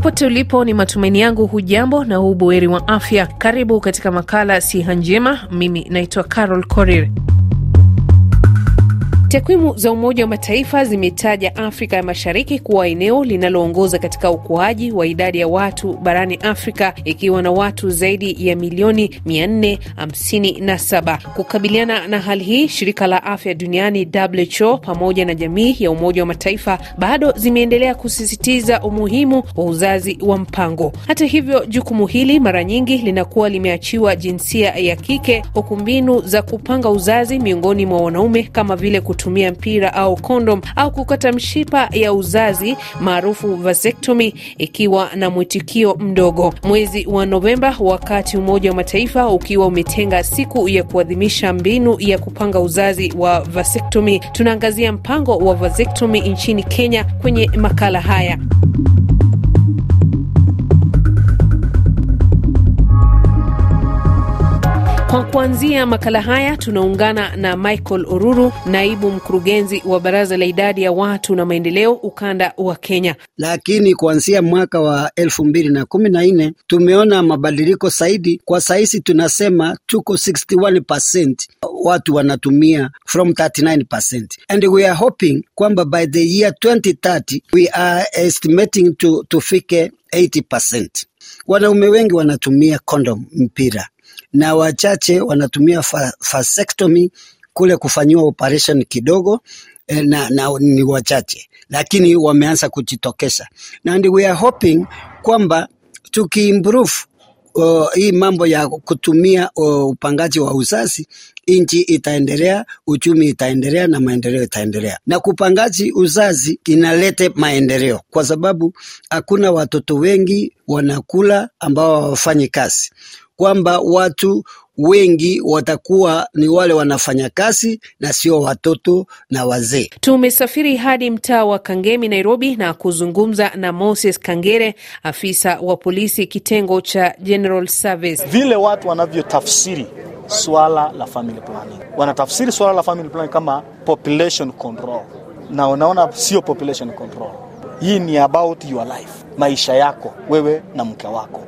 Popote ulipo, ni matumaini yangu hujambo na huu buheri wa afya. Karibu katika makala Siha Njema. Mimi naitwa Carol Korir. Takwimu za Umoja wa Mataifa zimetaja Afrika ya Mashariki kuwa eneo linaloongoza katika ukuaji wa idadi ya watu barani Afrika ikiwa na watu zaidi ya milioni 457. Kukabiliana na hali hii, shirika la afya duniani WHO pamoja na jamii ya Umoja wa Mataifa bado zimeendelea kusisitiza umuhimu wa uzazi wa mpango. Hata hivyo, jukumu hili mara nyingi linakuwa limeachiwa jinsia ya kike, huku mbinu za kupanga uzazi miongoni mwa wanaume kama vile kutumia mpira au kondom au kukata mshipa ya uzazi maarufu vasectomy, ikiwa na mwitikio mdogo. Mwezi wa Novemba, wakati Umoja wa Mataifa ukiwa umetenga siku ya kuadhimisha mbinu ya kupanga uzazi wa vasectomy, tunaangazia mpango wa vasectomy nchini Kenya kwenye makala haya. Kwa kuanzia makala haya tunaungana na Michael Oruru, naibu mkurugenzi wa baraza la idadi ya watu na maendeleo ukanda wa Kenya. Lakini kuanzia mwaka wa elfu mbili na kumi na nne tumeona mabadiliko zaidi. Kwa sahizi tunasema tuko 61% watu wanatumia from 39% and we are hoping kwamba by the year 2030 we are estimating to tufike 80%. Wanaume wengi wanatumia condom mpira na wachache wanatumia vasectomy kule kufanyiwa operation kidogo eh, na, na ni wachache, lakini wameanza kujitokeza and we are hoping kwamba tukiimprove Uh, hii mambo ya kutumia uh, upangaji wa uzazi, nchi itaendelea, uchumi itaendelea na maendeleo itaendelea. Na kupangaji uzazi inalete maendeleo, kwa sababu hakuna watoto wengi wanakula ambao hawafanyi kazi kwamba watu wengi watakuwa ni wale wanafanya kazi na sio watoto na wazee. Tumesafiri hadi mtaa wa Kangemi, Nairobi, na kuzungumza na Moses Kangere, afisa wa polisi kitengo cha General Service. Vile watu wanavyotafsiri swala la family planning, wanatafsiri swala la family planning kama population control, na unaona sio population control. Hii ni about your life, maisha yako wewe na mke wako.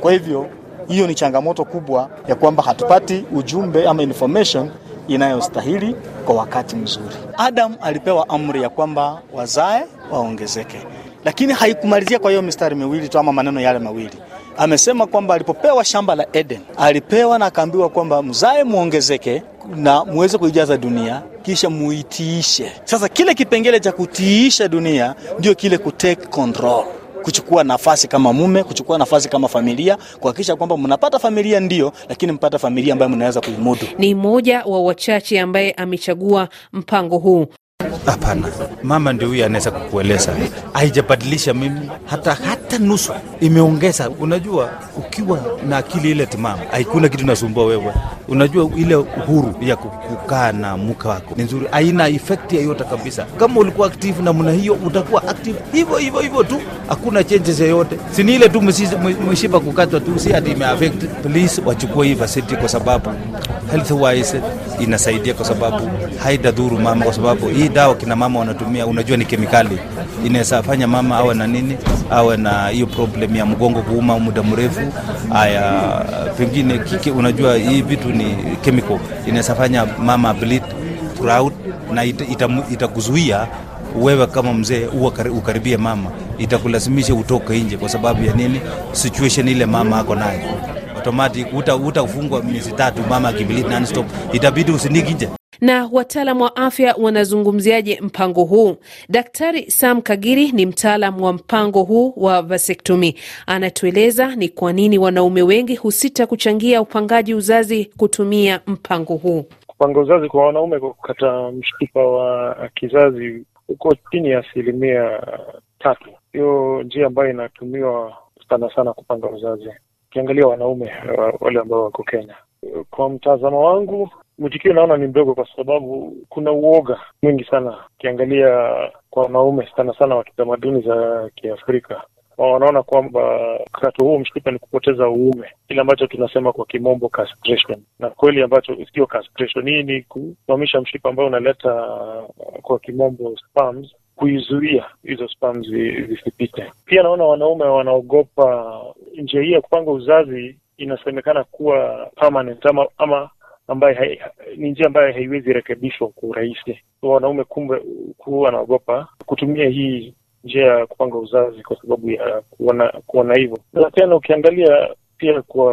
Kwa hivyo hiyo ni changamoto kubwa ya kwamba hatupati ujumbe ama information inayostahili kwa wakati mzuri. Adam alipewa amri ya kwamba wazae waongezeke, lakini haikumalizia kwa hiyo mistari miwili tu ama maneno yale mawili. Amesema kwamba alipopewa shamba la Eden alipewa na akaambiwa kwamba mzae muongezeke na muweze kuijaza dunia kisha muitiishe. Sasa kile kipengele cha kutiisha dunia ndio kile kutake control kuchukua nafasi kama mume, kuchukua nafasi kama familia, kuhakikisha kwamba mnapata familia ndio, lakini mpata familia ambayo mnaweza kuimudu. Ni mmoja wa wachache ambaye amechagua mpango huu. Hapana, mama ndio huyu anaweza kukueleza. Haijabadilisha mimi hata hata nusu, imeongeza. Unajua, ukiwa na akili ile timamu, haikuna kitu nasumbua wewe. Unajua ile uhuru ya kukaa na mke wako ni nzuri, haina effect yoyote kabisa. Kama ulikuwa active namna hiyo, utakuwa active hivyo hivyo hivyo tu, hakuna changes yoyote. Si ni ile tu mshipa kukatwa tu, si ati imeaffect. Please wachukue hii vasiti kwa sababu health wise inasaidia, kwa sababu haidadhuru mama, kwa sababu hii dawa ambao kina mama wanatumia, unajua ni kemikali, inaweza fanya mama awe na nini, awe na hiyo problem ya mgongo kuuma muda mrefu. Haya, pengine kike, unajua hii vitu ni chemical, inaweza fanya mama bleed proud, na itakuzuia ita, ita wewe kama mzee ukaribie mama, itakulazimisha utoke nje. Kwa sababu ya nini? Situation ile mama ako nayo automatic, utafungwa uta miezi tatu, mama akibiliti non stop, itabidi usiniki nje na wataalam wa afya wanazungumziaje mpango huu? Daktari Sam Kagiri ni mtaalam wa mpango huu wa vasektomi, anatueleza ni kwa nini wanaume wengi husita kuchangia upangaji uzazi kutumia mpango huu. Kupanga uzazi kwa wanaume kwa kukata mshipa wa kizazi uko chini ya asilimia tatu. Hiyo njia ambayo inatumiwa sana sana kupanga uzazi, ukiangalia wanaume wale ambao wako Kenya, kwa mtazamo wangu Mwitikio naona ni mdogo, kwa sababu kuna uoga mwingi sana. Ukiangalia kwa wanaume sana sana wa kitamaduni za Kiafrika, wanaona kwamba mkato huo mshipa ni kupoteza uume, kile ambacho tunasema kwa kimombo castration. Na kweli ambacho sio castration, hii ni kusimamisha mshipa ambayo unaleta uh, kwa kimombo spams, kuizuia hizo spams zisipite. Pia naona wanaume wanaogopa njia hii ya kupanga uzazi, inasemekana kuwa permanent ama, ama ambaye ni njia ambayo haiwezi rekebishwa kwa urahisi. So, wanaume kumbe kuu wanaogopa kutumia hii njia ya kupanga uzazi kwa sababu ya kuona kuona hivyo. Na tena ukiangalia pia kwa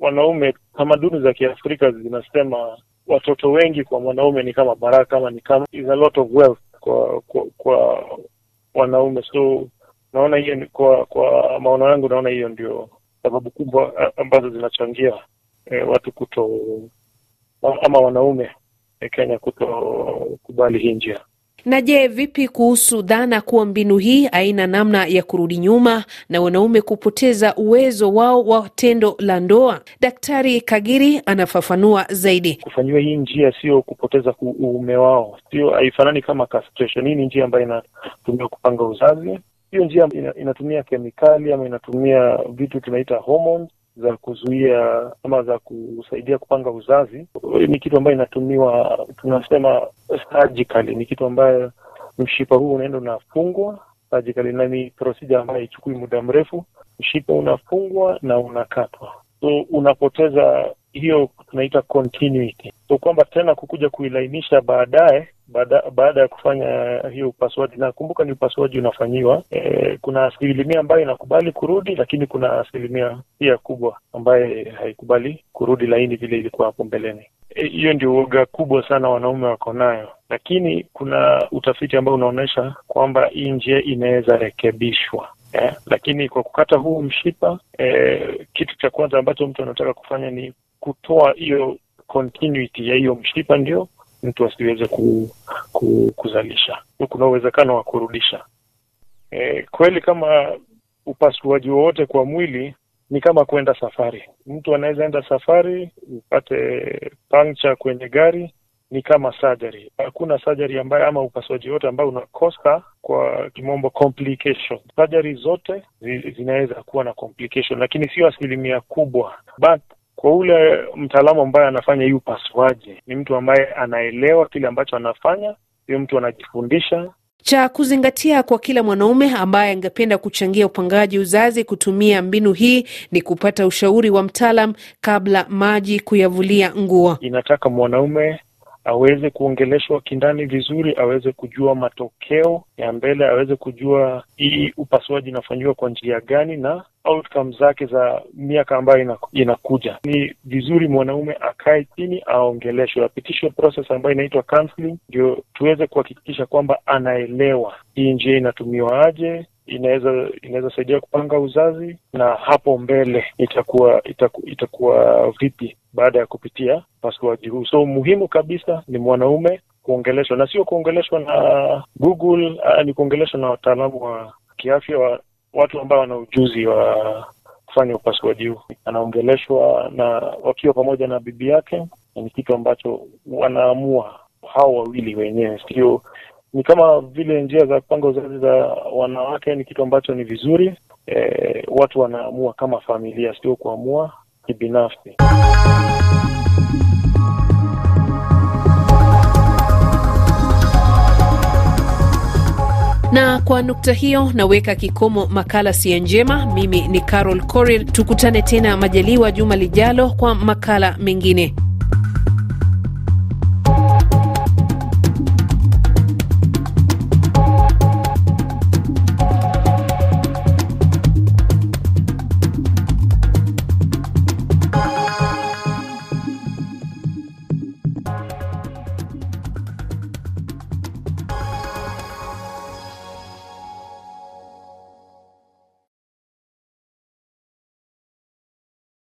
wanaume, tamaduni za Kiafrika zinasema watoto wengi kwa mwanaume ni kama baraka ama ni kama is a lot of wealth kwa kwa, kwa wanaume. So naona hiyo kwa kwa maono yangu, naona hiyo ndio sababu kubwa ambazo zinachangia e, watu kuto ama wanaume e, Kenya kutokubali hii njia. Na je, vipi kuhusu dhana kuwa mbinu hii aina namna ya kurudi nyuma na wanaume kupoteza uwezo wao wa tendo la ndoa? Daktari Kagiri anafafanua zaidi. Kufanyiwa hii njia sio kupoteza uume wao, sio, haifanani kama castration. Hii ni njia ambayo inatumiwa kupanga uzazi. Hiyo njia inatumia kemikali ama inatumia vitu tunaita hormones za kuzuia ama za kusaidia kupanga uzazi ni kitu ambayo inatumiwa, tunasema surgically. Ni kitu ambayo mshipa huu unaenda unafungwa surgically, na ni procedure ambayo haichukui muda mrefu. Mshipa unafungwa na unakatwa, so unapoteza hiyo tunaita continuity so kwamba tena kukuja kuilainisha baadaye baada baada ya kufanya hiyo upasuaji. Nakumbuka ni upasuaji unafanyiwa e, kuna asilimia ambayo inakubali kurudi, lakini kuna asilimia pia kubwa ambaye haikubali kurudi laini vile ilikuwa hapo mbeleni. E, hiyo e, ndio uoga kubwa sana wanaume wako nayo, lakini kuna utafiti ambao unaonyesha kwamba hii njia inaweza rekebishwa. eh, lakini kwa kukata huu mshipa eh, kitu cha kwanza ambacho mtu anataka kufanya ni kutoa hiyo continuity ya hiyo mshipa ndio mtu asiweze ku, ku, kuzalisha. Kuna uwezekano wa kurudisha. E, kweli kama upasuaji wowote kwa mwili ni kama kuenda safari. Mtu anaweza enda safari upate pancha kwenye gari, ni kama surgery. Hakuna surgery ambayo ama upasuaji wote ambao unakosa kwa kimombo complication. Surgery zote zinaweza kuwa na complication, lakini sio asilimia kubwa, but kwa ule mtaalamu ambaye anafanya hii upasuaji ni mtu ambaye anaelewa kile ambacho anafanya, huyo mtu anajifundisha. Cha kuzingatia kwa kila mwanaume ambaye angependa kuchangia upangaji uzazi kutumia mbinu hii ni kupata ushauri wa mtaalam kabla maji kuyavulia nguo. Inataka mwanaume aweze kuongeleshwa kindani vizuri, aweze kujua matokeo ya mbele, aweze kujua hii upasuaji inafanyiwa kwa njia gani na outcome zake za miaka ambayo inakuja. Ni vizuri mwanaume akae chini, aongeleshwe, apitishwe process ambayo inaitwa counseling, ndio tuweze kuhakikisha kwamba anaelewa hii njia inatumiwa aje inaweza saidia kupanga uzazi na hapo mbele itakuwa itaku, itakuwa vipi baada ya kupitia upasuaji huu. So muhimu kabisa ni mwanaume kuongeleshwa, na sio kuongeleshwa na Google, ah, ni kuongeleshwa na wataalamu wa kiafya wa, watu ambao wana ujuzi wa kufanya upasuaji huu. Anaongeleshwa na wakiwa pamoja na bibi yake, ni kitu ambacho wanaamua hao wawili wenyewe, sio ni kama vile njia za kupanga uzazi za wanawake ni kitu ambacho ni vizuri. E, watu wanaamua kama familia, sio kuamua kibinafsi. Na kwa nukta hiyo naweka kikomo makala sia Njema. Mimi ni Carol corel tukutane tena majaliwa juma lijalo kwa makala mengine.